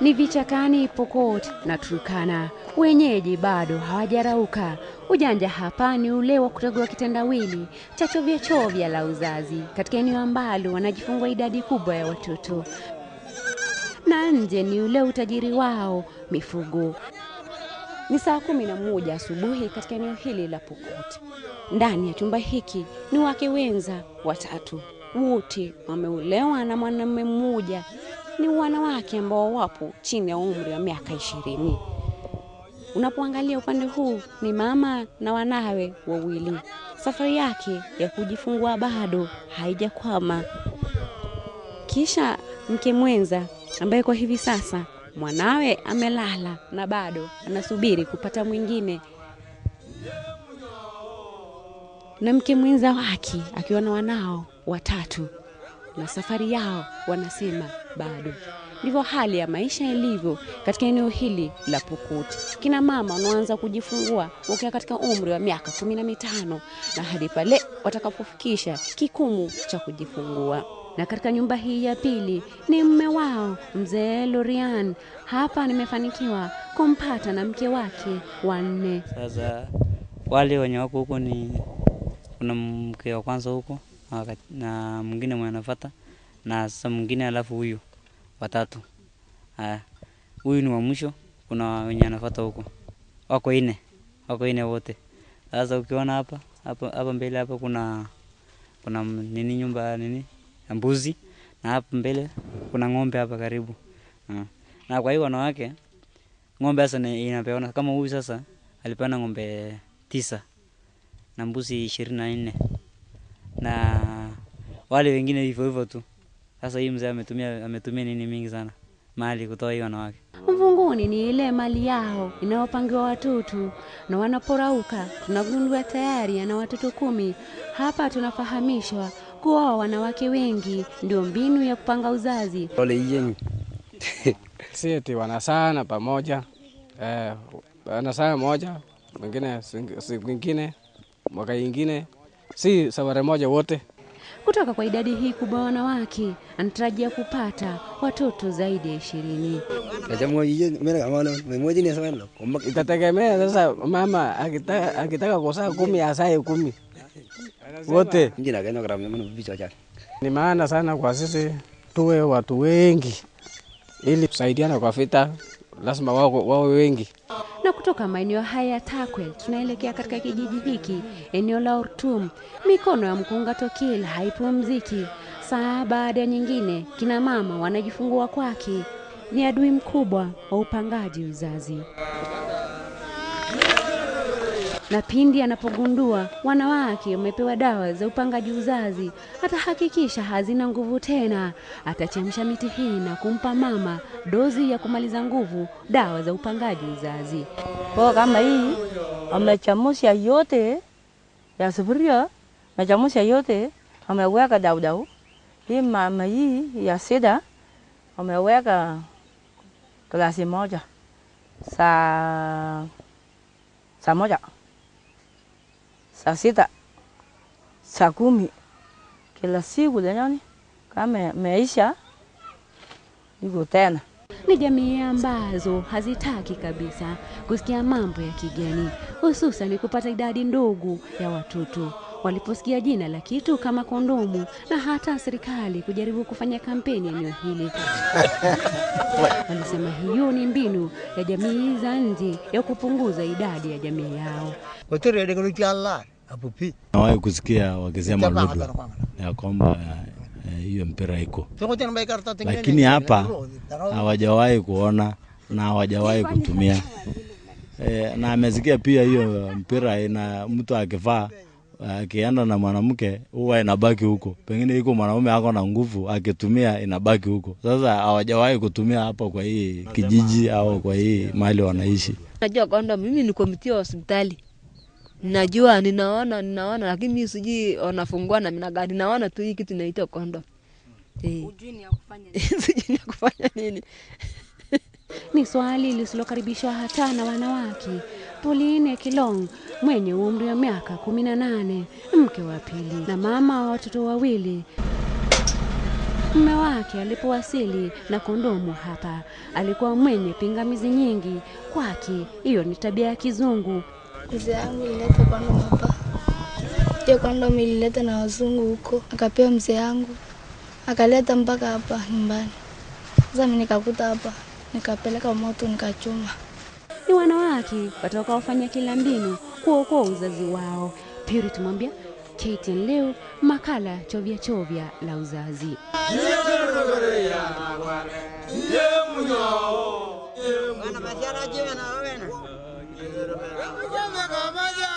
Ni vichakani Pokot na Turkana, wenyeji bado hawajarauka. Ujanja hapa ni ule wa kutegua kitendawili cha chovya chovya la uzazi katika eneo ambalo wanajifungua idadi kubwa ya watoto, na nje ni ule utajiri wao, mifugo ni saa kumi na moja asubuhi katika eneo hili la Pokot. Ndani ya chumba hiki ni wake wenza watatu, wote wameolewa na mwanamume mmoja. Ni wanawake ambao wapo chini ya umri wa miaka ishirini. Unapoangalia upande huu ni mama na wanawe wawili. Safari yake ya kujifungua bado haijakwama. Kisha mke mwenza ambaye kwa hivi sasa mwanawe amelala na bado anasubiri kupata mwingine na mke mwenza wake akiwa na wanao watatu na safari yao wanasema bado ndivyo hali ya maisha ilivyo katika eneo hili la pukut Kina mama wanaanza kujifungua wakiwa katika umri wa miaka kumi na mitano na hadi pale watakapofikisha kikumu cha kujifungua na katika nyumba hii ya pili ni mme wao mzee Lorian. Hapa nimefanikiwa kumpata na mke wake wanne. Sasa wale wenye wako huko ni kuna mke wa kwanza huko na mwingine mwanafata na sasa mwingine, alafu huyu watatu. Haya, huyu ni wa mwisho. Kuna wenye anafuata huko, wako ine, wako ine wote. Sasa ukiona hapa hapa hapa mbele hapa kuna kuna nini nyumba nini na mbuzi, na hapa mbele kuna ng'ombe hapa karibu. Ah. Na kwa hiyo wanawake ng'ombe sasa inapeana kama huyu sasa alipeana ng'ombe tisa na mbuzi ishirini na nne na wale wengine hivyo hivyo tu. Sasa hii mzee ametumia ametumia nini mingi sana mali kutoa hii wanawake. Mvunguni ni ile mali yao inayopangiwa watoto na wanaporauka tunagundua tayari ana watoto kumi. Hapa tunafahamishwa kuoa wanawake wengi ndio mbinu ya kupanga uzazi. Ole yenyu sieti wanasana pamoja eh, wanasana moja mwingine siku ingine mwaka ingine si safari moja wote. Kutoka kwa idadi hii kubwa wanawake anatarajia kupata watoto zaidi ya ishirini. Itategemea sasa, mama akitaka, akitaka kusaa kumi asae kumi wote ni maana sana kwa sisi, tuwe watu wengi ili kusaidiana kwa vita, lazima wawe wengi. Na kutoka maeneo haya ya tunaelekea katika kijiji hiki eneo la Ortum. Mikono ya mkunga Tokil haipumziki, saa baada ya nyingine, kina mama wanajifungua kwake. Ni adui mkubwa wa upangaji uzazi na pindi anapogundua wanawake wamepewa dawa za upangaji uzazi, atahakikisha hazina nguvu tena. Atachemsha miti hii na kumpa mama dozi ya kumaliza nguvu dawa za upangaji uzazi. Kwa kama hii amechamusha yote ya sufuria, amechamusha yote, ameweka daudau hii mama hii ya sida ameweka glasi moja saa saa moja saa sita, saa kumi kila siku lenyoni kama meisha iko tena. Ni jamii ambazo hazitaki kabisa kusikia mambo ya kigeni, hususan kupata idadi ndogo ya watoto waliposikia jina la kitu kama kondomu na hata serikali kujaribu kufanya kampeni eneo hili. Walisema hiyo ni mbinu ya jamii za nje ya kupunguza idadi ya jamii yao. Nawahi kusikia wakisema ya kwamba eh, eh, hiyo mpira iko, lakini hapa hawajawahi kuona na hawajawahi kutumia e, na amesikia pia hiyo mpira ina mtu akivaa akienda na mwanamke huwa inabaki huko, pengine iko mwanaume ako na nguvu akitumia inabaki huko. Sasa hawajawahi kutumia hapa kwa hii kijiji au kwa hii mahali wanaishi. Najua kwamba mimi niko mtia hospitali Najua ninaona ninaona lakini mimi sijui wanafungua na mimi gani. Naona tu hii kitu inaitwa condom. Eh. ni kufanya nini? Sijui ni ya kufanya nini. Ni swali lisilokaribishwa hata na wanawake. Pauline Kilong mwenye umri wa miaka 18, mke wa pili na mama wa watoto wawili Mume wake alipowasili na kondomu hapa, alikuwa mwenye pingamizi nyingi. Kwake hiyo ni tabia ya kizungu. Mzee yangu nilileta kondom hapa, hiyo kondom ilileta na wazungu huko, akapewa mzee yangu akaleta mpaka hapa nyumbani. Sasa mimi nikakuta hapa, nikapeleka moto, nikachoma. Ni wanawake watakaofanya kila mbinu kuokoa uzazi wao. Purity Mwambia, KTN Leo, makala chovya chovya la uzazi. Pedro, la